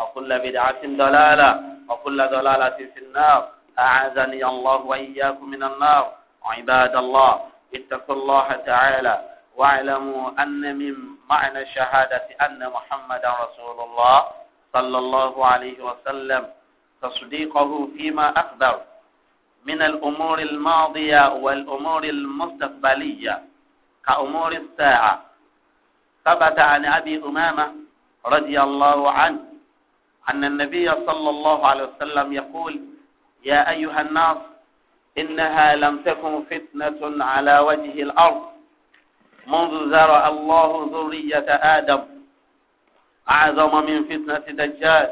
وكل بدعة ضلالة وكل ضلالة في النار أعاذني الله وإياكم من النار عباد الله اتقوا الله تعالى واعلموا أن من معنى الشهادة أن محمدا رسول الله صلى الله عليه وسلم تصديقه فيما أخبر من الأمور الماضية والأمور المستقبلية كأمور الساعة ثبت عن أبي أمامة رضي الله عنه أن النبي صلى الله عليه وسلم يقول يا أيها الناس إنها لم تكن فتنة على وجه الأرض منذ زرع الله ذرية آدم أعظم من فتنة دجال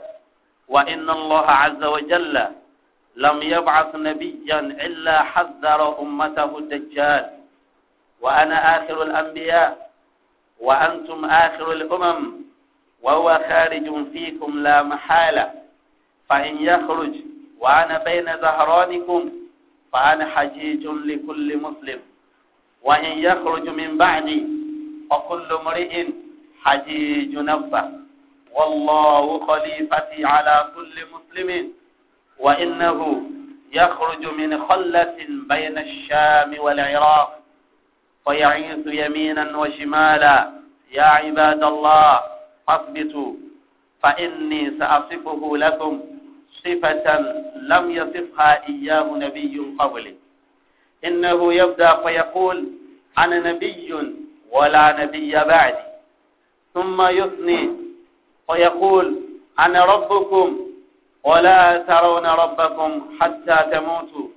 وإن الله عز وجل لم يبعث نبيا إلا حذر أمته الدجال وأنا آخر الأنبياء وأنتم آخر الأمم وهو خارج فيكم لا محالة فإن يخرج وأنا بين ظهرانكم فأنا حجيج لكل مسلم وإن يخرج من بعدي فكل امرئ حجيج نفسه والله خليفتي على كل مسلم وإنه يخرج من خلة بين الشام والعراق فيعيث يمينا وشمالا يا عباد الله فاثبتوا فإني سأصفه لكم صفة لم يصفها إياه نبي قبلي إنه يبدأ فيقول أنا نبي ولا نبي بعدي ثم يثني ويقول أنا ربكم ولا ترون ربكم حتى تموتوا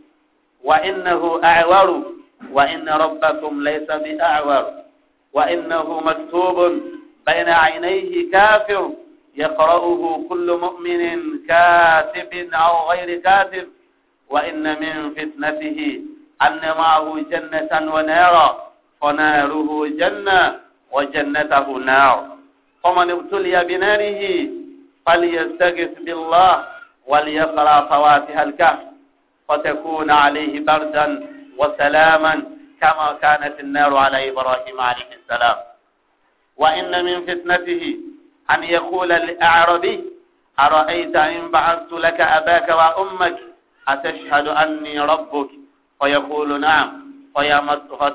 وإنه أعور وإن ربكم ليس بأعور وإنه مكتوب بين عينيه كافر يقرأه كل مؤمن كاتب أو غير كاتب وإن من فتنته أن معه جنة ونارا فناره جنة وجنته نار فمن ابتلي بناره فليستغث بالله وليقرأ فواتها الكهف فتكون عليه بردا وسلاما كما كانت النار على إبراهيم عليه السلام وإن من فتنته أن يقول الأعربي أرأيت إن بعثت لك أباك وأمك أتشهد أني ربك فيقول نعم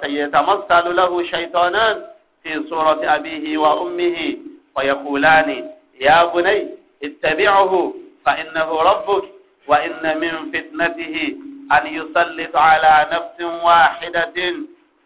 فيتمثل له شيطانان في صورة أبيه وأمه ويقولان يا بني اتبعه فإنه ربك وإن من فتنته أن يسلط على نفس واحدة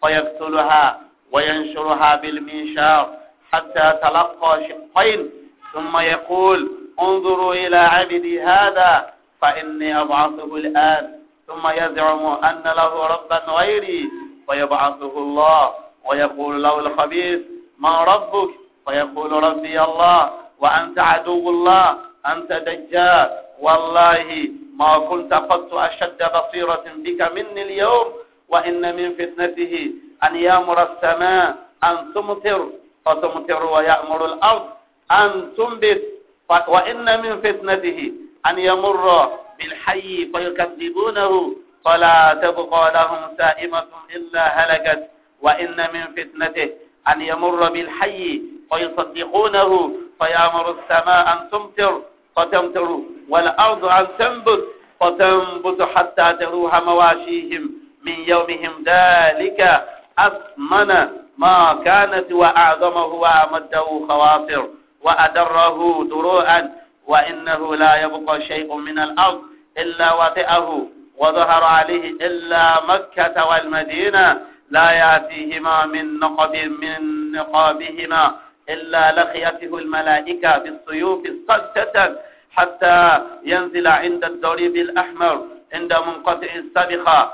فيقتلها وينشرها بالمنشار حتى تلقى شقين ثم يقول انظروا إلى عبدي هذا فإني أبعثه الآن ثم يزعم أن له ربا غيري فيبعثه الله ويقول له الخبيث ما ربك فيقول ربي الله وأنت عدو الله أنت دجال والله ما كنت قط أشد بصيرة بك مني اليوم وإن من فتنته أن يامر السماء أن تمطر فتمطر ويأمر الأرض أن تنبت وإن من فتنته أن يمر بالحي فيكذبونه فلا تبقى لهم سائمة إلا هلكت وإن من فتنته أن يمر بالحي فيصدقونه فيأمر السماء أن تمطر فتمطر والأرض أن تنبت فتنبت حتى تروح مواشيهم من يومهم ذلك أثمن ما كانت وأعظمه وأمده خواطر وأدره دروءا وإنه لا يبقى شيء من الأرض إلا وطئه وظهر عليه إلا مكة والمدينة لا يأتيهما من نقب من نقابهما إلا لقيته الملائكة بالسيوف صجة حتى ينزل عند الدريب الأحمر عند منقطع السبخة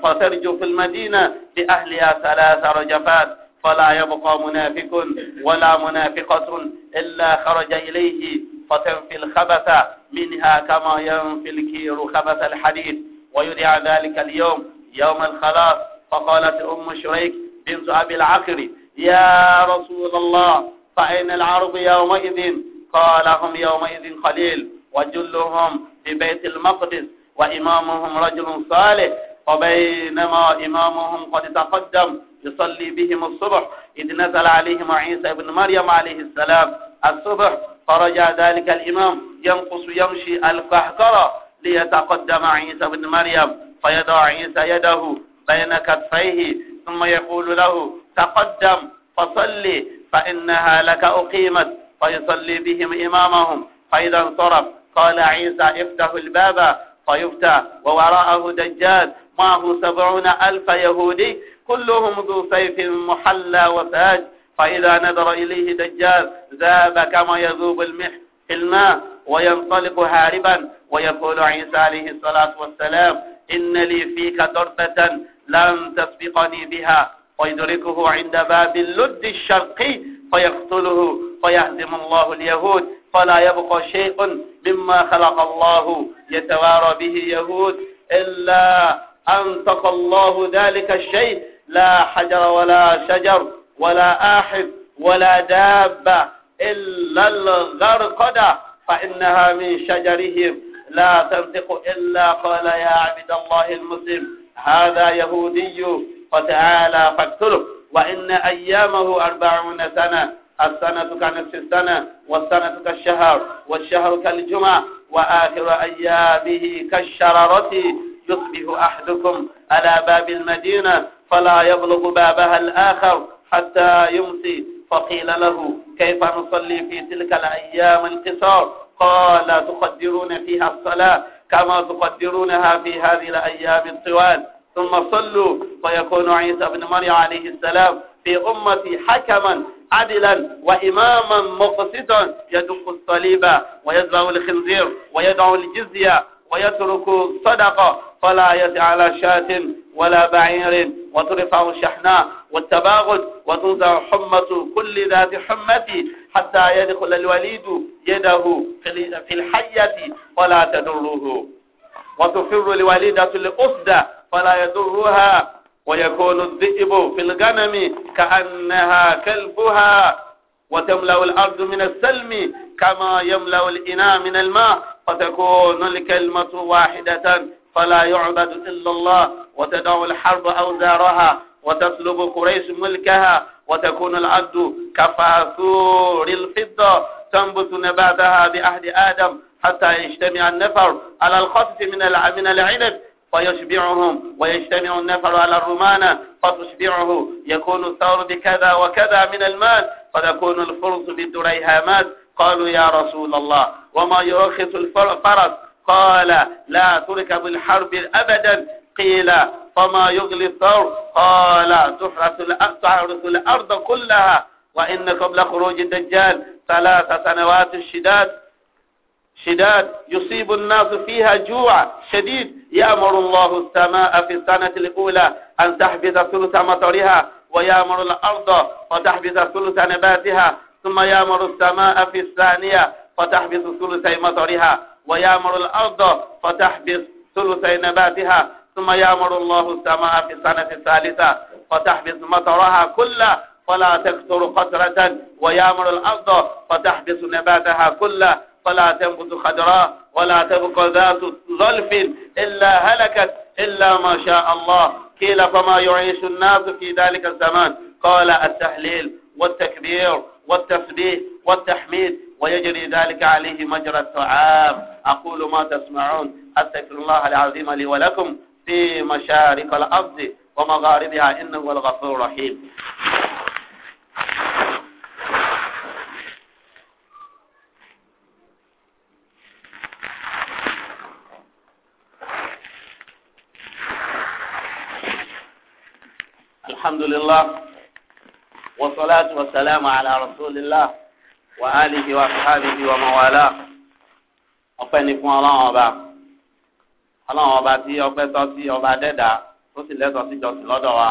فترجف في المدينة لأهلها ثلاث رجفات فلا يبقى منافق ولا منافقة إلا خرج إليه فتنفي الخبث منها كما ينفي الكير خبث الحديد ويدعى ذلك اليوم يوم الخلاص فقالت أم شريك بنت أبي العقر يا رسول الله فأين العرب يومئذ قال هم يومئذ قليل وجلهم في بيت المقدس وإمامهم رجل صالح وبينما إمامهم قد تقدم يصلي بهم الصبح إذ نزل عليهم عيسى بن مريم عليه السلام الصبح فرجع ذلك الإمام ينقص يمشي القهقرة ليتقدم عيسى بن مريم فيضع عيسى يده بين كتفيه ثم يقول له تقدم فصلي فإنها لك أقيمت فيصلي بهم إمامهم فإذا انصرف قال عيسى افتحوا الباب فيفتى ووراءه دجال معه سبعون ألف يهودي كلهم ذو سيف محلى وفاج فإذا نظر إليه دجال ذاب كما يذوب المح في الماء وينطلق هاربا ويقول عيسى عليه الصلاة والسلام إن لي فيك ضربة لن تسبقني بها ويدركه عند باب اللد الشرقي فيقتله فيهزم الله اليهود فلا يبقى شيء مما خلق الله يتوارى به يهود إلا أنطق الله ذلك الشيء لا حجر ولا شجر ولا آحد ولا دابة إلا الغرقدة فإنها من شجرهم لا تنطق إلا قال يا عبد الله المسلم هذا يهودي فتعالى فاقتله وإن أيامه أربعون سنة السنة كنصف السنة والسنة كالشهر والشهر كالجمعة وآخر أيامه كالشررة يصبح أحدكم على باب المدينة فلا يبلغ بابها الآخر حتى يمسي فقيل له كيف نصلي في تلك الأيام القصار قال تقدرون فيها الصلاة كما تقدرونها في هذه الأيام الطوال ثم صلوا فيكون عيسى بن مريم عليه السلام في أمتي حكما عدلا وإماما مقسطا يدق الصليب ويزرع الخنزير ويدعو الجزية ويترك صدقة فلا يد على شاة ولا بعير وترفع الشحناء والتباغد وتنزع حمة كل ذات حمة حتى يدخل الوليد يده في الحية ولا تدره وتفر الوليدة الأسدى فلا يدرها ويكون الذئب في الغنم كأنها كلبها وتملأ الأرض من السلم كما يملأ الإناء من الماء فتكون الكلمة واحدة فلا يعبد إلا الله وتدع الحرب أوزارها وتسلب قريش ملكها وتكون الأرض كفاثور الفضة تنبت نباتها بأهل آدم حتى يجتمع النفر على الخطف من العنب فيشبعهم ويجتمع النفر على الرمانة فتشبعه يكون الثور بكذا وكذا من المال فتكون الفرس بالدريهامات قالوا يا رسول الله وما يرخص الفرس قال لا تركب الحرب أبدا قيل فما يغلي الثور قال تحرث الأرض كلها وإنكم لخروج الدجال ثلاث سنوات الشداد شداد يصيب الناس فيها جوع شديد يأمر الله السماء في السنة الأولى أن تحبس ثلث مطرها ويأمر الأرض فتحبس ثلث نباتها ثم يأمر السماء في الثانية فتحبس ثلثي مطرها ويأمر الأرض فتحبس ثلثي نباتها ثم يأمر الله السماء في السنة الثالثة فتحبس مطرها كله فلا تكثر قطرة ويأمر الأرض فتحبس نباتها كله فلا تنبت خضراء ولا تبقى ذات ظلف إلا هلكت إلا ما شاء الله قيل فما يعيش الناس في ذلك الزمان قال التحليل والتكبير والتسبيح والتحميد ويجري ذلك عليه مجرى الطعام أقول ما تسمعون أستغفر الله العظيم لي ولكم في مشارق الأرض ومغاربها إنه الغفور الرحيم الله والصلاة والسلام على رسول الله وآله وأصحابه ومن والاه ọpẹ́ ni fún Ọlọ́run ọba Ọlọ́run ọba tí ọpẹ́ tọ́ sí ọba dẹdà tó sì lẹ́tọ̀ọ́ sí jọ́sìn lọ́dọ̀ wa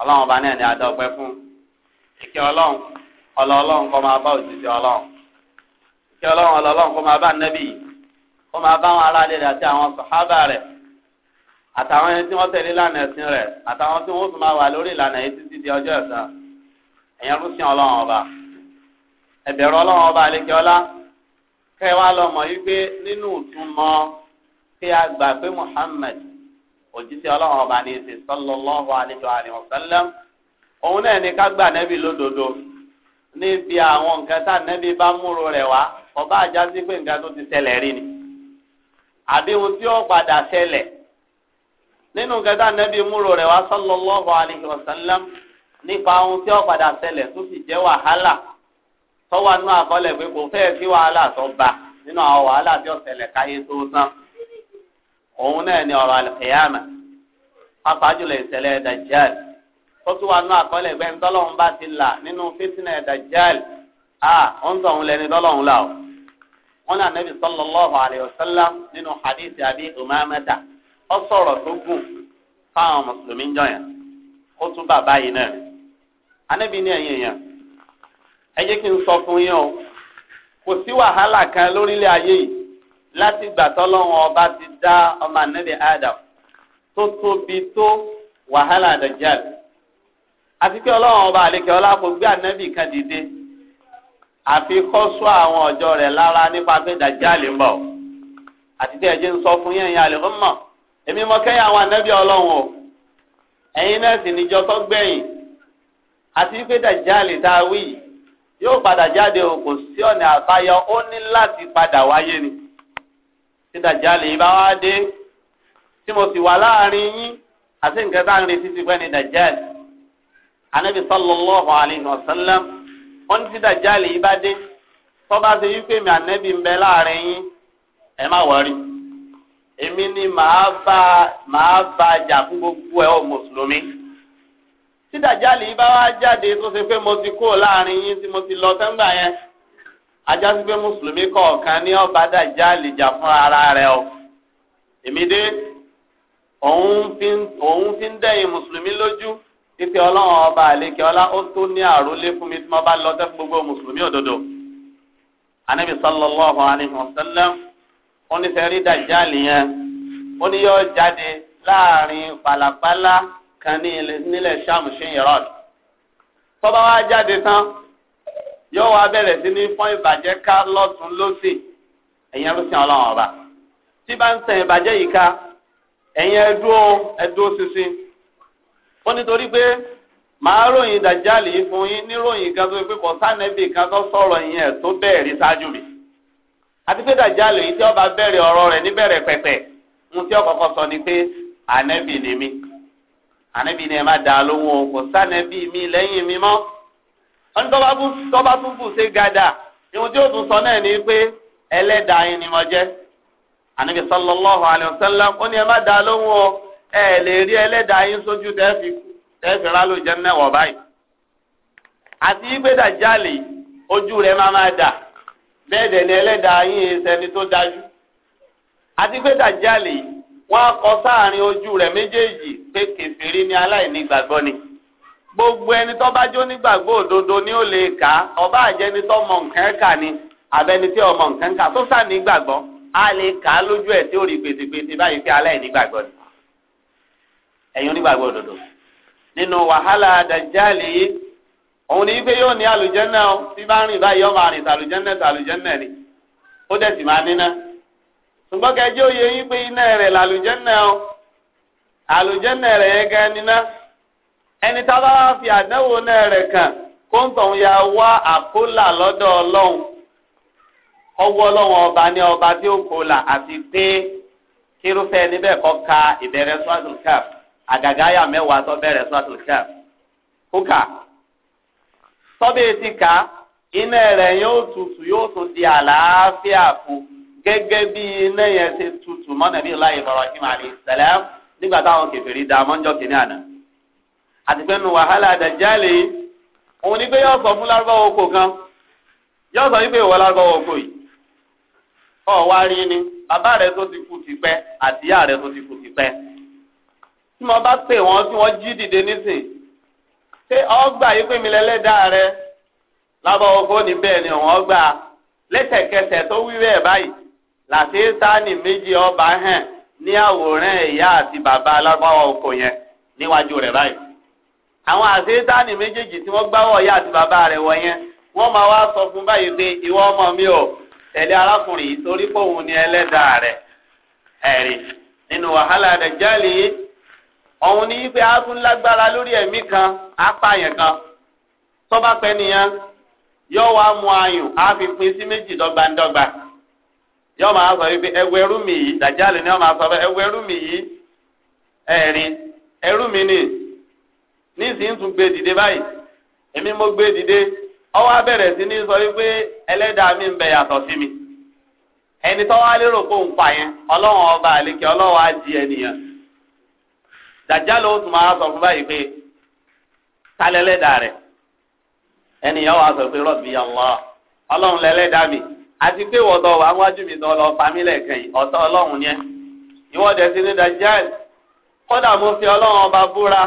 Ọlọ́run ọba náà ni adá ọpẹ́ fún ìkẹ́ Ọlọ́run ọlọ Ọlọ́run kó máa bá òṣìṣẹ́ Ọlọ́run ìkẹ́ Ọlọ́run ọlọ Ọlọ́run kó máa bá nẹbì kó máa bá àwọn aráàlú rẹ̀ àti àwọn sàhábà rẹ̀ àtàwọn ẹni tí wọ́n tẹ̀lé ìlànà ẹ̀sìn rẹ̀ àtàwọn tí wọ́n tún máa wà lórí ìlànà yìí títí di ọjọ́ ẹ̀san ẹ̀yàn rúsìn ọlọ́run ọba ẹ̀bẹ̀rù ọlọ́run ọba àlejò ọlá wá lọ mọ̀ pé nínú ìtumọ̀ pé a gbà pé Muhammad òjíṣẹ́ ọlọ́run ọba ní ìsìn sallallahu alaihi wa sallam òun náà ní ká gbà nẹ́bí lódodo níbi àwọn nǹkan tá nẹ́bí bá múrò rẹ̀ wá ọba àjá sí pé nǹkan tó ti ṣẹlẹ̀ rí ni àbí ohun tí ó padà ṣẹlẹ̀ nínú gẹ́gẹ́ anábì múrò rẹ̀ wá sallallahu alayhi wa sallam nípa ohun tí ó padà ṣẹlẹ̀ tó sì jẹ́ wàhálà tọ́wọ́ inú àkọọ́lẹ̀ pé kò fẹ́ẹ̀ sí wàhálà tó bá nínú àwọn wàhálà tí ó ṣẹlẹ̀ káyé tó tán òun náà ni ọ̀rọ̀ àlùkìyàmà pàápàájùlọ ìṣẹ̀lẹ̀ dajjal ó tún wà nínú àkọọ́lẹ̀ pé ńtọ́lọ́hún bá ti là nínú fítínà dajjal ó sọ̀rọ̀ tó gùn fáwọn mùsùlùmí ń jọyàn ó tún bàbá yìí náà anábì ní ẹ̀yìn èèyàn ẹ jẹ́ kí n sọ fún yín o kò sí wàhálà kan lórílẹ̀ ayé yìí láti gbà tọ́lọ́wọ́n ọba ti dá ọmọ anábì Adam tó tóbi tó wàhálà àdàjáde àti pé ọlọ́run ọba àlekẹ́ ọlápò gbé ànábì kan dìde àfi kọ́sọ́ àwọn ọjọ́ rẹ̀ lára nípa pé dàjáàlì ń bọ̀ àti tí ẹ̀jẹ̀ ń sọ fún yẹn yẹn àlè ń mọ̀ èmi mọ kẹ́yìn àwọn ànábì ọlọ́run o ẹ̀yin náà sì níjọ tó gbẹ̀yìn àti pé dàjáàlì tá a wí yóò padà jáde o kò sí ọ̀nà àbáyọ ó ní láti padà wáyé ni tí dàjáàlì yìí bá wá dé tí mo sì wà láàrin yín àti nǹkan tá à ń retí ti pẹ́ ni dàjáàlì ànábì sallallahu alaihi wasallam ó ní tí dàjáàlì yìí bá dé tó bá ṣe wípé mi ànábì ń bẹ láàrin yín ẹ má wọrí èmi ni màá bá màá bá jà fún gbogbo ẹ ọ mùsùlùmí tí dàjálì bá wá jáde tó ṣe pé mo ti kúrò láàrin yín tí mo ti lọ sẹ́ńgbà yẹn ajá sí pé mùsùlùmí kọ̀ọ̀kan ní ọba dàjálì jà fún ara rẹ o èmi dé òun fi òun fi ń dẹ̀yìn mùsùlùmí lójú títí ọlọ́run ọba àlekè ọlá ó tó ní àrólé fún mi tí mo bá lọ sẹ́fún gbogbo mùsùlùmí òdodo anabi sallallahu alayhi wa sallam wọ́n ní sẹ́rí dàjáàlì yẹn ó ní yọ jáde láàrin pàlàpàlà kan ní nílẹ̀ sàmù sí iraq tọ́ba wa jáde tán yóò wá bẹ̀rẹ̀ sí ní fọ́n ìbàjẹ́ ká lọ́tún lọ́sì ẹ̀yẹn ló sìn ọlọ́run ọba tí bá ń sẹ̀ ìbàjẹ́ yìí ká ẹ̀yẹn ẹdúró ẹdúró ṣinṣin ó nítorí pé màá ròyìn dàjáàlì fún yín níròyìn kan tó fi pọ̀ sánẹ́bì kan tó sọ̀rọ̀ yẹn tó bẹ́ẹ̀ rí ṣáájú rí àti pé dàjálù ọba bẹ̀rẹ̀ ọ̀rọ̀ rẹ̀ níbẹ̀rẹ̀ pẹ̀pẹ̀ ń sọ ni pé ànẹ́bì ni mí ànẹ́bì ni ẹ má dà lóhùn o kò sànẹ́bì mi lẹ́yìn mi mọ́ tọ́ba tún bù ṣe gàdà ìhun tí tún sọ náà ni pé ẹlẹ́dàá yín ni mo jẹ́ ànẹ́bì ó ní ẹ lè rí ẹlẹ́dàá yín sójú tẹ́ẹ̀fì rálò bẹ́ẹ̀ dẹ̀ ni ẹlẹ́dàá yín tó dájú. àti pé dàjálì wọ́n kọ sáàrin ojú rẹ méjèèjì pé kèfèrí ni aláìní gbogbo ẹni tó bá jó nígbàgbọ́ òdodo ni ó lè kà á ọba àjẹni tó ni tí ọmọ nǹkan kà tó sàní gbàgbọ́ lè kà á lójú tí ó rí gbèsègbèsè báyìí pé aláìní gbàgbọ́ ni. ẹ̀yin onígbàgbọ́ òun ni wípé yóò ní àlùjẹ́nà o tí bá rìn báyìí ọmọ àrìn tàlùjẹ́nà tàlùjẹ́nà ni ó dẹ̀ sì máa níná ṣùgbọ́n kẹjọ́ yẹ yín pé iná rẹ̀ làlùjẹ́nà o àlùjẹ́nà rẹ̀ yẹn gan níná ẹni tá a bá fi àdánwò náà rẹ̀ kàn kó ń tọ̀hún ya wá àkólà lọ́dọ̀ ọlọ́run ọwọ́ ọlọ́run ọba ní ọba tí ó kólà àti pé kírúfẹ́ níbẹ̀ kọ́ ka ìbẹ̀rẹ̀ swatul kaf àgàgáyà mẹ́wàá tó bẹ̀rẹ̀ swatul kaf kúkà tọ́bí etí ká iná rẹ̀ yóò tutù yóò tún di àlàáfíà fún gẹ́gẹ́ bí iná yẹn ṣe tutù mọ́ nàbí ìlà Ibrahim alayhi salam nígbà táwọn kèfèrí da mọ́jọ́ kìíní àná. àti pé nu wàhálà àdàjálè òun ni pé yóò sọ fún lárúbáwò oko kan yóò sọ wípé ìwọ lárúbáwò oko yìí ọ̀ wá rí ni bàbá rẹ tó ti kú ti pẹ́ àtìyá rẹ tó ti kú ti pẹ́ tí mo bá pè wọ́n tí wọ́n jí dìde nísìnyí ṣé ọgbà yìí pé mi lẹ́lẹ́dàá rẹ lábọ̀ ogbó ni bẹ́ẹ̀ ni òun ọgbà lẹ́sẹ̀kẹsẹ̀ tó wí bẹ́ẹ̀ báyìí làṣẹ sáànì méjì ọba hàn ní àwòrán ìyá àti bàbá alágbáwọ̀ ọkọ̀ yẹn níwájú rẹ̀ báyìí àwọn àṣẹ sáànì méjèèjì tí wọ́n gbáwọ̀ ìyá àti bàbá rẹ̀ wọ̀ yẹn wọ́n máa wá sọ fún báyìí pé ìwọ ọmọ mi ò tẹ̀lé arákùnrin yìí torí pòun ni ẹlẹ́dàá rẹ̀ ẹ̀rí nínú wàhálà dẹ̀jálì yìí òun ni pé lágbára lórí ẹ̀mí kan apààyàn kan tọ́ba pẹ́ nìyẹn yóò wá mu ayùn á fi sí méjì dọ́gbandọ́gba máa sọ wípé ẹwọ ẹrú mi yìí dàjálì ni wọ́n máa sọ ẹwọ ẹrú mi yìí ẹ̀rín ẹrú mi ni nísìnyí tún gbé dìde báyìí èmi mo dìde ọwọ́ sí ní sọ wípé ẹlẹ́dàá mi dàjà ló tún máa sọ fún báyìí pé tálẹ́ lẹ́dàá ẹnìyàn wà sọ pé rọ́bì Allah ọlọ́run lẹ́lẹ́dàá mi àti pé wà wájú mi tọ́ lọ fàmílẹ̀ yẹn sí ní kódà mo fi ọlọ́run ọba búra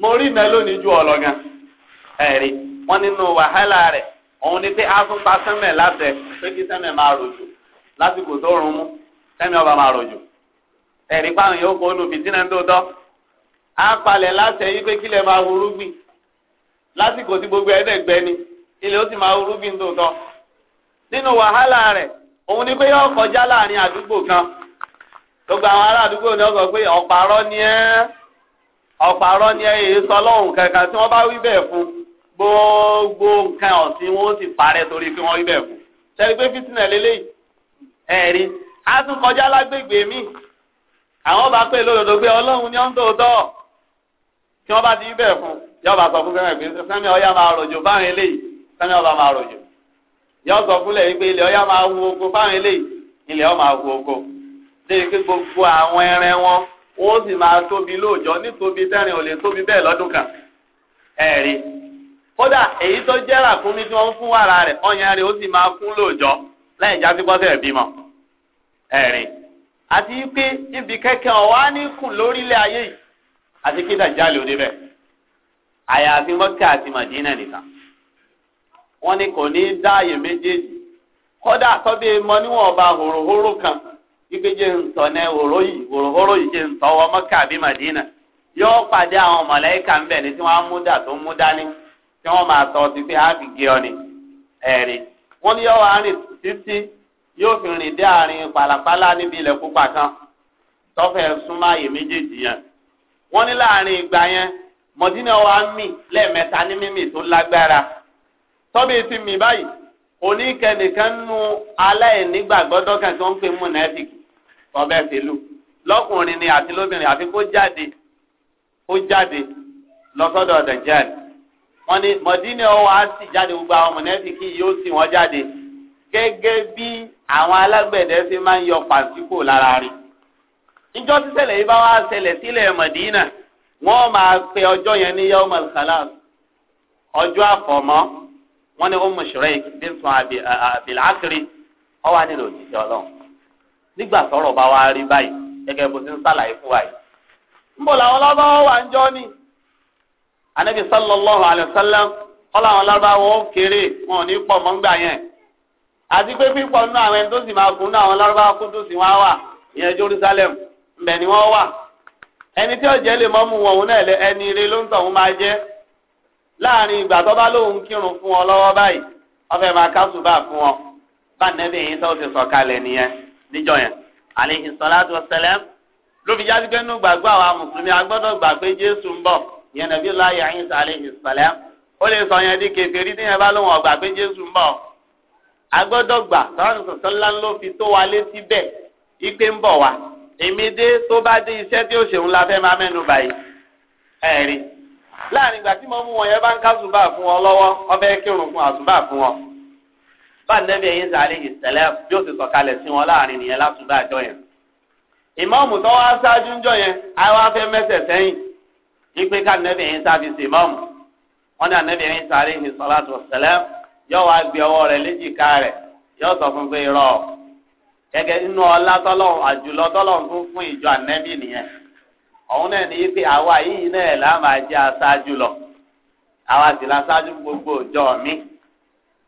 mo rí mẹ́lónì ju ọ̀lọ́gàn ẹ̀rí wọn nínú wàhálà rẹ̀ òun ni pé a tún pa sẹ́mẹ̀ láti pé kí máa rojò lásìkò tó rún a palẹ̀ láti ẹ̀yìn pé kílẹ̀ máa wúrúgbìn lásìkò tí gbogbo ẹ̀ẹ́dẹ̀gbẹ́ ni ilé ó ti máa wúrúgbìn tó tọ́ nínú wàhálà rẹ̀ òun ni pé yóò kọjá láàrin àdúgbò kan gbogbo àwọn ará àdúgbò ni sọ pé ni ẹ́ ni ẹ́ èyí sọ lọ́hùn kankan tí wọ́n bá wí bẹ́ẹ̀ fún gbogbo nǹkan ọ̀sìn wọn ó sì parẹ́ torí pé wọ́n wí fun. fún sẹ́ni pé a tún kọjá lágbègbè míì àwọn bá pè pé tí wọ́n bá ti bẹ̀ fún yóò bá sọ fún sẹ́mi pé sẹ́mi ọ̀yá máa rọ̀jò fáwọn eléyìí ọba máa rọ̀jò yóò sọ yìí pé máa oko fáwọn eléyìí máa oko gbogbo àwọn ẹrẹ wọn ó sì máa tóbi lóòjọ́ nítorí tẹ́rin ò lè tóbi bẹ́ẹ̀ lọ́dún kan kódà èyí tó ràkúnmí tí wọ́n fún wàrà rẹ̀ ọyàn ó sì máa kún àti kí dàjálì ò débẹ̀ àyàfi mọ́kà àti màdínà nìkan wọ́n ni kò ní í dá àyè méjèèjì kọ́dà tọ́bí mọ kan wípé jẹ́ nsọ náà yi yìí hòròhóró yìí wọ mọ́kà bi madina pade ni sọ ti fi ọ yóò fi rìn dé àárín níbi ilẹ̀ kan súnmọ́ àyè wọ́n ní láàrin ìgbà yẹn mọ̀dínà wa mì lẹ́ẹ̀mẹ́ta ní mímì tó lágbára tọ́bí ti mì báyìí oníkẹ́nìkan nu aláìnígbàgbọ́dọ́ kan tó ń pè múnẹ́fìkì ọbẹ̀ fèlú lọ́kùnrin ni àti lóbìnrin àfi kó jáde kó jáde lọ́sọ́dọ̀ dẹ̀jáde wọ́n ní mọ̀dínà wa sì jáde gbogbo àwọn múnẹ́fìkì yóò sì wọ́n jáde gẹ́gẹ́ bí àwọn alágbẹ̀dẹ ṣe máa ń yọ pàṣípò lára rẹ̀ níjọ́ sísẹ̀lẹ̀ yìí bá wá ṣẹlẹ̀ sílẹ̀ Mẹ̀dínà wọ́n máa pe ọjọ́ yẹn ní yawm al ọjọ́ àfọ̀mọ́ wọ́n ní Umm Shuraik bint Abil Akri ó wà nígbà bá wá rí báyìí bó ti ń sàlàyé fún wa yìí. làwọn ni anabi sallallahu alayhi wa sallam ọlọ́run lọ́bàá wọn kéré wọn ò ní pọ̀ yẹn àti pé pípọ̀ nínú àwọn ẹni tó sì máa nínú àwọn Jerusalem mbẹ ni wọ́n wà ẹni tí ọ̀jẹ̀ lè mọ́ mu wọn òun náà ẹni ló ń tọ̀ òun máa jẹ́ láàrin ìgbà tó bá lóun kírun fún ọ lọ́wọ́ báyìí ọfẹ́ máa ká sùbà fún ọ bá yìí tó ti sọ̀kalẹ̀ nìyẹn níjọ yẹn àlehi sọláàtú lóbi jáde pé nínú mùsùlùmí agbọ́dọ̀ gbà pé jésù ń bọ̀ yẹn nàbí láyé ìmídé tó bá dé iṣẹ́ tí ó ṣeun la fẹ́ máa mẹ́nu báyìí ẹ̀rí láàrin ìgbà tí mo mú wọn yẹn bá ń ká àsùbà fún ọ lọ́wọ́ ọbẹ̀ kírun fún àsùbà fún ọ bá nẹ́bí ẹ̀yìn sàlẹ̀ ìṣẹ̀lẹ̀ yóò ti sọ̀kalẹ̀ sí wọn láàrin nìyẹn látúbà àjọ yẹn ìmọ̀ọ́mù tó wá ṣáájú ńjọ yẹn àwa fẹ́ mẹ́sẹ̀ sẹ́yìn wípé ká ẹ̀yìn sáfi sí ìmọ̀ọ́mù wọn ní ànẹ́bí ẹ̀yìn sàlẹ̀ ìṣẹ̀lẹ̀ yóò wá gbé ọwọ́ rẹ̀ léjìká rẹ̀ yóò sọ fún pé irọ́ gẹ́gẹ́ nínú ọlá tọ́lọ́run àjùlọ tọ́lọ́run tó fún ìjọ ànẹ́bí nìyẹn òun náà ní pé àwa yìí náà là máa jẹ́ aṣáájú lọ àwa sì la ṣáájú gbogbo ìjọ mi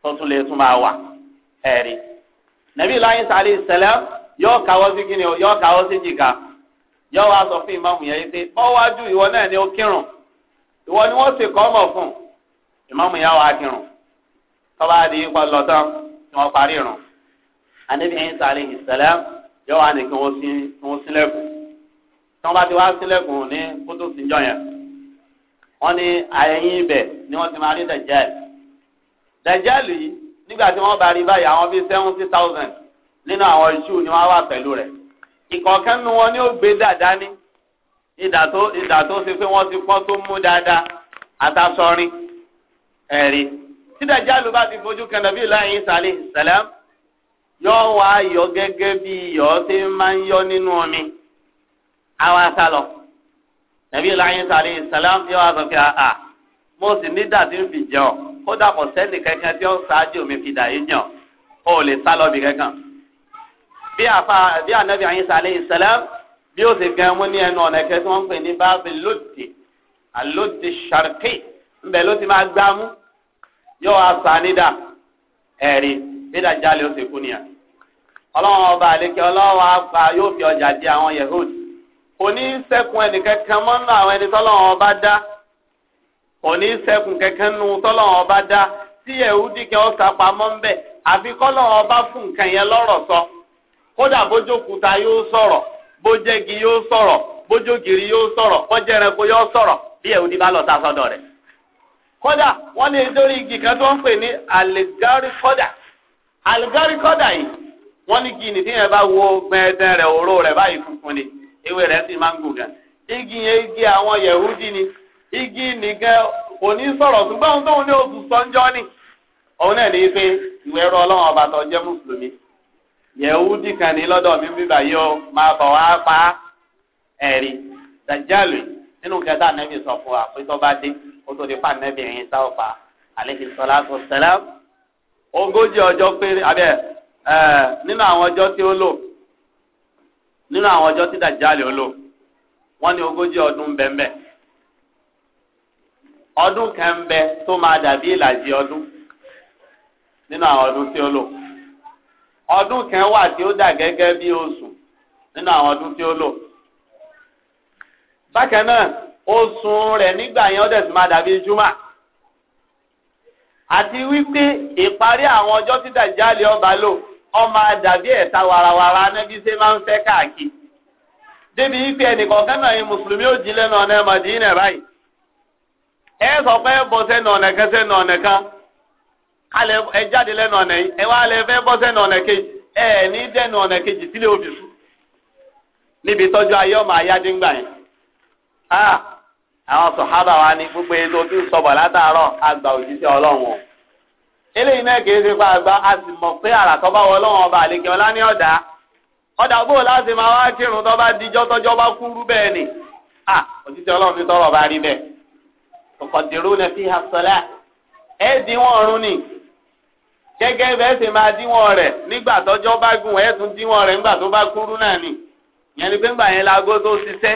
tó tún lè tún máa wà ẹ̀rí nàbí láyé sáré ìṣẹ̀lẹ̀ yóò káwọ́ sí kíni o yóò káwọ́ sí jìkà yóò wá sọ fún ìmáàmù yẹn pé bọ́wájú ìwọ náà ni ó kírun ìwọ ni wọ́n sì kọ́ ọmọ fún ìmáàmù yẹn wá kírun tọ́ba adìyí pọ̀ lọ́tọ́ ni wọ́n parí ìrùn anabi ẹyin sàlẹ ìsẹlẹm yóò wá ní kí wọn sí kí wọn sílẹ̀kùn tí wọn bá ti wá sílẹ̀kùn ní kótó síjọ yẹn wọn ní ayẹyìn ibẹ̀ ni wọn ti máa rí dajali dajali nígbà tí wọn bá rí báyìí àwọn bíi seventy thousand nínú àwọn iṣu ni wọn wà pẹ̀lú rẹ̀ ìkọ̀ọ̀kan nu wọn ni ó gbé dàda ní ìdà tó ìdà pé wọn ti pọ́n tó mú dáadáa àtàsọrin ẹ̀rí tí dajali bá ti fojú kan nàbí ìlà ẹyin sàlẹ ìsẹlẹm yọ wá yọ gẹ́gẹ́ bí yọ ṣe máa ń yọ nínú omi àwa sá lọ nàbí ìlànà sàlẹ ìsàlám yọ wá sọ pé àà mo sì ní dàbí ń fi jẹ ọ kódà kò sẹ́ni kankan tí ó ṣáájú mi fi dàyé jẹ ọ ó lè sá lọ bí kankan bí àfa bí ànábì àyìn sàlẹ bí ó sì gan mú ní ẹnu ọ̀nà ẹ̀kẹ́ tí wọ́n ń pè ní báàbí lòdì àlòdì sàrkì ńbẹ ló ti máa gbámú yọ wá sá nídà ẹ̀rí. bídà jálè ó ti kú nìyà ọlọ́run ọba àlekè ọlọ́run àgbà yóò fi ọjà di àwọn yehud òní sẹ́kùn ẹnìkẹ́kẹ́ àwọn ẹni tọ́lọ́run ọba dá òní sẹ́kùn kẹ́kẹ́ nu tọ́lọ́run ọba dá tí yehudi kẹ́ ọ́ sapamọ́ ń bẹ̀ àfi sọ kódà yóò sọ̀rọ̀ yóò sọ̀rọ̀ bójógiri yóò sọ̀rọ̀ yóò sọ̀rọ̀ bí bá lọ rẹ̀ kódà wọ́n igi kan tó ń pè àlùgárí kọ́dà yìí wọ́n ní kí ni tí yẹn bá wo gbẹ̀ẹ́dẹ́ rẹ̀ òró rẹ̀ báyìí funfun ni ewé rẹ̀ sì máa ń gùn gan igi yẹn igi àwọn yẹ̀húdí ni igi nìkan kò ní sọ̀rọ̀ ṣùgbọ́n ohun tóun ní oṣù sọ́njọ́ ni òun náà ní pé ìwé ẹ̀rọ ọlọ́run ọba tó jẹ́ mùsùlùmí yẹ̀húdí kan ní lọ́dọ̀ mi bíbà yìí ó máa bọ̀ wá pa ẹ̀rí dàjálù nínú kẹta nẹ́bí sọ fún wa pé tó bá dé ó tó di ogójì ọjọ́ péré abẹ́ ẹ̀ nínú àwọn ọjọ́ tí ó lò nínú àwọn ọjọ́ tí dàjálì ó lò wọ́n ní ogójì ọdún bẹ́ẹ̀ ọdún kan bẹ tó máa dàbí ìlàjì ọdún nínú àwọn ọdún tí ó lò ọdún kan wà tí ó dà gẹ́gẹ́ bí oṣù nínú àwọn ọdún tí ó lò bákan náà oṣù rẹ̀ nígbà yẹn ó dẹ̀ sì máa dàbí júmọ̀ ati wípé ìparí àwọn ọjọ́ títà Dàjálì ọba lò ó máa ẹ̀ta warawara anábí ṣe máa ń fẹ́ káàkiri débi wípé ẹnìkan kánà yìí mùsùlùmí ò jí lẹ́nu ọ̀nà Mádínà báyìí ẹ sọ pé ẹ bọ́ sẹ́nu ọ̀nà kan sẹ́nu ọ̀nà kan ẹ jáde lẹ́nu ẹ wá lẹ fẹ́ ẹ ní dẹ́nu ọ̀nà kejì òbí fún níbi tọ́jú ayé ọmọ ayá àwọn sọ̀hábà wa ní gbogbo ètò tí sọ̀bọ̀ látàárọ̀ àgbà òjíṣẹ́ ọlọ́run eléyìí náà kìí ṣe àgbà a sì mọ̀ pé àrà tó bá wọ ọba àlekè ní ọ̀dà ọ̀dà bò láti máa wá kírun tó bá dijọ́ tọ́jọ́ bá kúrú bẹ́ẹ̀ ni à òjíṣẹ́ ọlọ́run ti tọrọ bá rí bẹ́ẹ̀. ọ̀kọ̀dìrú ni fi hàn sọ́lá ẹ ọ̀run ni gẹ́gẹ́ bẹ́ẹ̀ sì máa rẹ̀ nígbà tọ́jọ́ bá gùn ẹ̀ ni ìyẹn ni pé ńgbà yẹn lago tó ṣiṣẹ́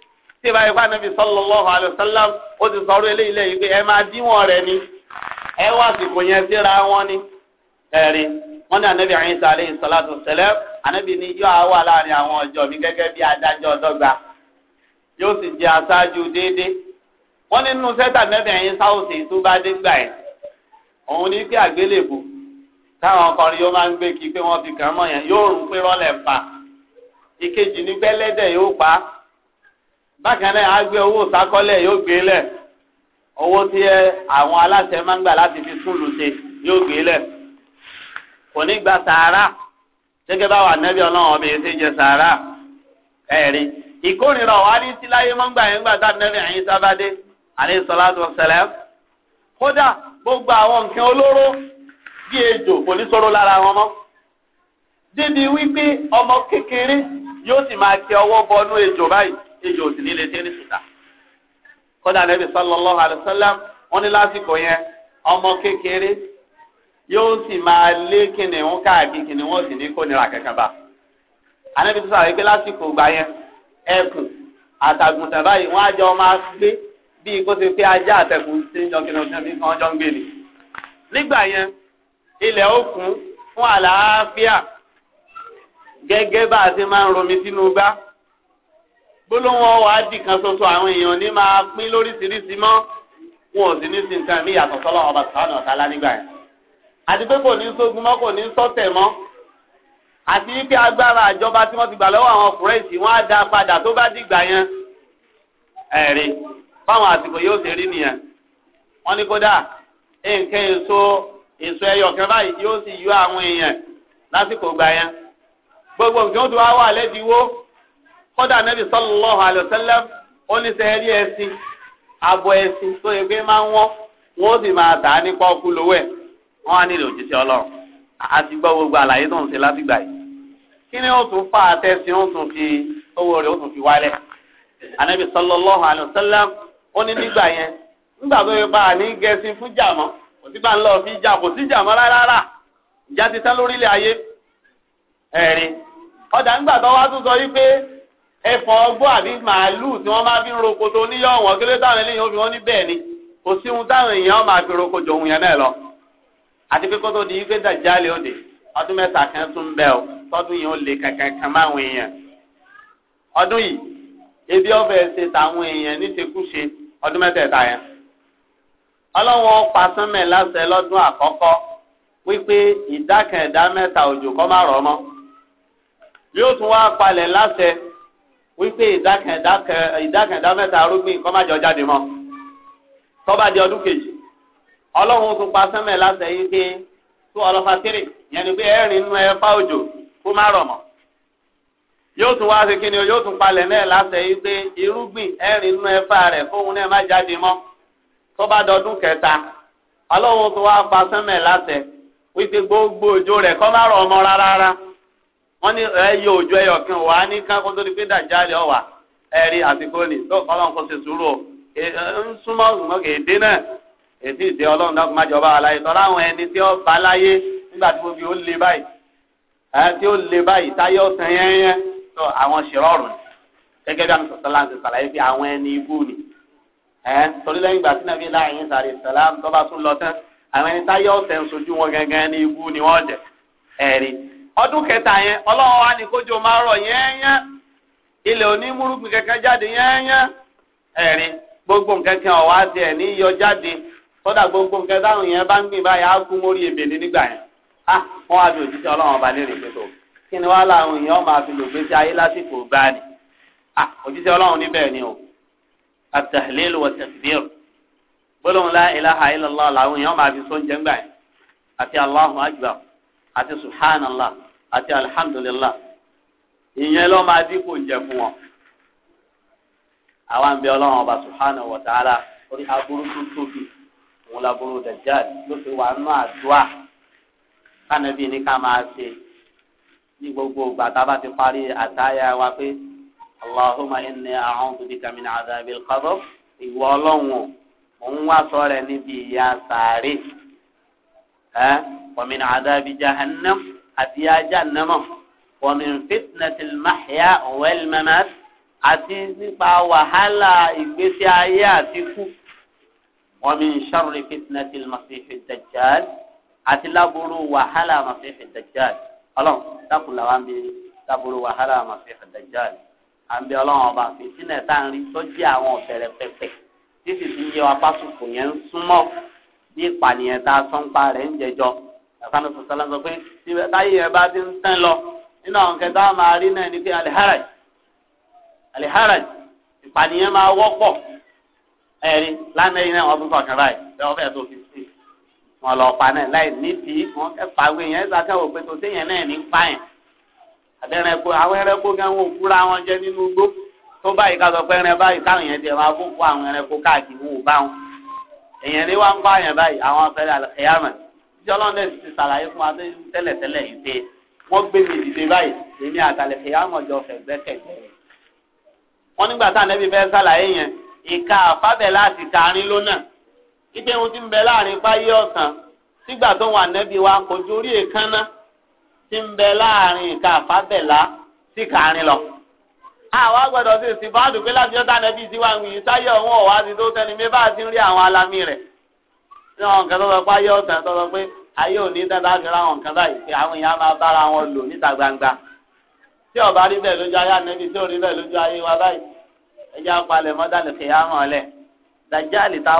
tí ìbá yìí pàdánù sọlọ alaihi wasallam ó ti sọrọ eléyìí lẹ́yìn pé ẹ máa díwọn rẹ ni ẹ wá àsìkò yẹn síra wọn ni ẹ̀rí wọn ní anabi Isa alayhi salatu ni yóò wà láàrin àwọn ọjọ́ mi gẹ́gẹ́ bí adájọ́ dọ́gba yóò sì aṣáájú wọn nínú sáwùsì tó bá dé gbà òun ní kí àgbélébù táwọn ọkọrin yóò máa ń bákan náà á sakole owó sákọ́lẹ̀ yóò gbé lẹ̀ owó tí àwọn aláṣẹ máa fi túlù ṣe yóò gbé lẹ̀ kò ní gba sàárà gẹ́gẹ́ báwa ànábì ọlọ́run ọbẹ̀ yìí ṣe jẹ sàárà ẹ̀rí ìkórìíra ọ̀wá ní máa ń gbà yẹn gbà tá sábàdé gbogbo àwọn nǹkan olóró bí ejò kò ní sọ̀rọ̀ lára wọn ọmọ kékeré yóò sì máa bọnú ejò òsì nílé tí ní sùtà kódà Nábì sallallahu alaihi wasallam wọ́n ní lásìkò yẹn ọmọ kékeré yóò sì máa lé kìnìún káàkiri kìnìún òsì ní kò nira kankan bá Ànábì sọ̀rọ̀ yìí pé lásìkò gbà yẹn ẹkùn àtàgùntàn báyìí wọ́n á jọ máa gbé bí kó ti pé ajá àtẹkùn sí jọkìnìún bí wọ́n jọ ń gbé ni nígbà yẹn ilẹ̀ ó fún àlàáfíà gẹ́gẹ́ bá a ti máa ń romi sínú gbá gbólóhùn ọwọ́ àdì kan ṣoṣo àwọn èèyàn ní máa pín lóríṣiríṣi mọ́ wọn ò sì ní sin nǹkan mí yàtọ̀ sọ́lọ́ ọba sàánù ọ̀tálá nígbà yẹn àti pé kò ní sógun mọ́ kò ní sọ́tẹ̀ mọ́ àti wípé agbára àjọba tí wọ́n ti gbà lọ́wọ́ àwọn ọkùnrin ìsìn wọn á da padà tó bá dìgbà yẹn ẹ̀rí báwọn àsìkò yóò ṣe rí nìyẹn wọ́n ní kódà nǹkan èso èso ẹyọ kan báyìí yóò sì yọ àwọn èèyàn lásìkò gbà yẹn gbogbo nǹkan tó wá wà lẹ́dínwó kódà nẹ́bí sallallahu alaihi ó ní sẹ́ rí ẹṣin abo ẹṣin tó yẹ pé máa ń wọ́n wọ́n ó sì máa dà á nípa ọkú wọ́n á nílò ọlọ́run gbọ́ gbogbo àlàyé tó ń ṣe yìí fi owó rẹ̀ ó fi wálẹ̀ ànẹ́bí ó ní nígbà yẹn nígbà tó yẹ bá a ní fi jà kò sí jàmọ́ rárá ìjà ti tán lórílẹ̀ ayé tó ẹ̀fọ́ ọgbọ́n àbí màálùú tí wọ́n máa fi ń roko tó níyọ̀ wọ́n kí ló táwọn eléyìí obìnrin wọn ní bẹ́ẹ̀ ni kò sí ohun táwọn èèyàn máa fi roko jọ ohun yẹn náà lọ. àti pé kótó di ife dàjálè òde ọdún mẹ́ta kan tún bẹ́ ọ tọ́dún yìí ó lè kankan kan máa wọn èèyàn. ọdún yìí ebi ọ̀fẹ́ ṣe tàwọn èèyàn ní ṣekúṣe ọdún mẹ́tẹ̀ẹ̀ta yẹn. ọlọ́wọ́n pasánmẹ̀ láṣẹ lọ́dún àkọ́kọ́ wípé ìdá kan ìdá mẹ́ta òjò kọ́ má rọ̀ mọ́. yóò tún wá palẹ̀ láṣẹ wípé ìdákẹ̀ẹ́dá mẹ́ta arúgbìn kọ́ má jọ jáde mọ́ tọ́ba di ọdún kejì ọlọ́run tún pa sẹ́mẹ̀ láṣẹ yìí pé tó ọlọ́fà tírì yẹn ni pé ẹ̀rín ẹ̀fá òjò kó má rọ̀ mọ́ yóò tún o yóò tún palẹ̀ náà láṣẹ yìí pé irúgbìn ẹ̀rín ẹ̀fá rẹ̀ fóun náà mọ́ tọ́ba kẹta ọlọ́run tún pa sẹ́mẹ̀ wọ́n ní ẹyẹ òjò ẹyọ kan wà á ní kákó tó di pé dàjálẹ̀ ọ̀wà ẹ̀rí àsìkò ni tó ọlọ́run kò ṣe sùúrù o ń súnmọ́ ṣùgbọ́n kì í dín náà èsì ìdí ọlọ́run náà má jọba àlàyé tọ́lá àwọn ẹni tí ó bá láyé nígbà tí mo fi ó le báyìí ẹni tí ó le báyìí táyé ọ̀sán yẹn yẹn tó àwọn ṣèrọ̀rùn ni gẹ́gẹ́ bí àwọn sọ̀tàn láti sàlàyé fi àwọn ẹni ibú ni ẹ̀ torí lẹ́yìn ìgbà tí nàbí láàyè sàrè sàlám tó bá tún lọ tán àwọn ẹni táyé ọ̀sán sojú wọn gangan ní ibú ni wọ́n jẹ ẹ̀rí Ọdụ kẹta yẹn ọlọ́run wa ní kójó máa rọ̀ yẹ́nyẹ́ ilẹ̀ onímúrúgbìn kẹ̀kẹ́ jáde yẹ́nyẹ́ ẹ̀rín gbogbo nǹkan kan ọ̀wá tiẹ̀ jáde kódà gbogbo nǹkan táwọn yẹn bá ń gbìn báyìí á kú mórí ebèlé nígbà yẹn á wọn wá bí òjíṣẹ́ ọlọ́run ọba lérè pẹ̀tọ́ kí ni wàá làwọn èèyàn máa fi lò gbèsè ayé lásìkò ni à òjíṣẹ́ ọlọ́run níbẹ̀ ni o àtàlélò wọ̀tẹ̀sídẹ́rù gbólóhùn làwọn èèyàn máa fi yẹn àti àti subhanallah àti alhamdulillah ìyẹn ló máa dínkù ń jẹ fún wọn. àwa ń bẹ ọlọ́run ọba subhanahu wa ta'ala orí aburú tó tóbi òun laburú dajjal ló fi wà nù àdúrà kánàbí ní ká máa ṣe ní gbogbo ìgbà tá a bá ti parí àtàyà wa pé allahumma inni a'udhu bika min adhabil qabr ìwọ ọlọ́run ò wá sọ rẹ níbi ìyà sàárè ẹ wàmìn àdàbí jahannam àti ajánamọ wàmìn fitnatil mahya wal mamat àti nípa wàhálà ìgbésí ayé àti kú wàmìn sharri fitnatil masihid dajjal àti lábúrú wàhálà masihid dajjal Ọlọ́run dákùlà wa ń bi lábúrú wàhálà masihid dajjal à ń bi Ọlọ́run ọba fìtínà tá à ń rí tó jẹ àwọn ọbẹrẹ pẹpẹ títí tí yẹ wa pásítọ yẹn ń súnmọ́ bí ìpànìyàn tá a sọ́npa rẹ̀ ń jẹjọ ẹ̀fọn ọ̀sán sọ́lá sọ pé táyé yẹn bá ti ń tán lọ nínú àwọn kẹta máa rí náà ni, pé aliharaj aliharaj ìpànìyàn máa wọ́pọ̀ ẹ̀rí lánàá yìí náà wọ́n tún sọ̀kan báyìí lọ́wọ́ fẹ́ẹ́ tó fi sí wọn lọ pa náà láì nídìí wọn kẹfà wé yẹn ṣàkẹwò pé tó téèyàn náà ní pààyàn àbẹ̀rẹ̀ kó àwọn ẹranko gan wọn fúra wọn jẹ nínú igbó tó báyìí ká sọ pé ẹran báyìí káwọn yẹn tiẹ̀ máa fún fún àwọn ẹranko káàkiri wò bá èèyàn ní wá ń pa àyàn báyìí àwọn afẹ́rẹ́ àlẹ́yàmẹ̀ jọlọ́n dẹ̀ ti ṣàlàyé fún wa tẹ́lẹ̀tẹ́lẹ̀ yìí pé wọ́n gbé mi dìde báyìí èmi àtàlẹ́yàmọ̀ jọ fẹ̀ gbẹ́kẹ̀gbẹ́ wọn nígbà tá ànẹ́bí fẹ́ ṣàlàyé yẹn ìka àfábẹ̀ láti kaarin lónà ipe ohun tí ń bẹ láàrin páyé ọ̀sán sígbà tó wà ànẹ́bí wa kò ju orí èkánná tí ń bẹ láàrin ìka àfábẹ̀ lá sí kaarin lọ àwa gbọ́dọ̀ sí bá dùn pé láti ọ̀tá nẹ́bí sí wa ń wìyí sáyé ọ̀hún ọ̀wá ti tó sẹ́ni mi bá ti ń rí àwọn alámì rẹ̀ àwọn nǹkan tó sọ pé ayé ọ̀sán tó sọ pé ayé òní tán láti ra àwọn nǹkan báyìí pé àwọn èèyàn máa bára wọn lò níta gbangba tí ọba rí bẹ́ẹ̀ lójú ayé ànẹ́bí tí ò rí bẹ́ẹ̀ lójú ayé wa báyìí ẹjẹ́ apalẹ̀ mọ́dàlẹ̀ kìí àmọ́ dàjáàlì tá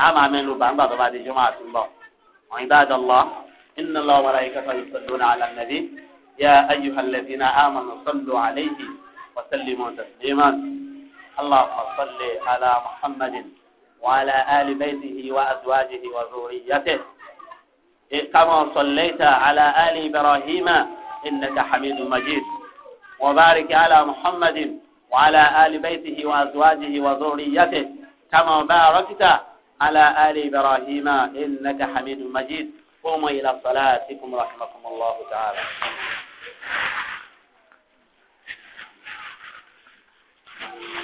a máa mẹ́nu bá ńgbà tó bá di jẹ́ máa tún bọ̀. wọ́n yí dáadáa lọ inna Allaha wa malaikatahu yusalluna ala nabi ya ayyuhal ladhina amanu sallu alayhi wa sallimu taslima. اللهم صل على محمد وعلى آل بيته وأزواجه وذريته كما صليت على آل إبراهيم إنك حميد مجيد وبارك على محمد وعلى آل بيته وأزواجه وذريته كما باركت على آل إبراهيم إنك حميد مجيد قوموا إلى صلاتكم رحمكم الله تعالى Thank you.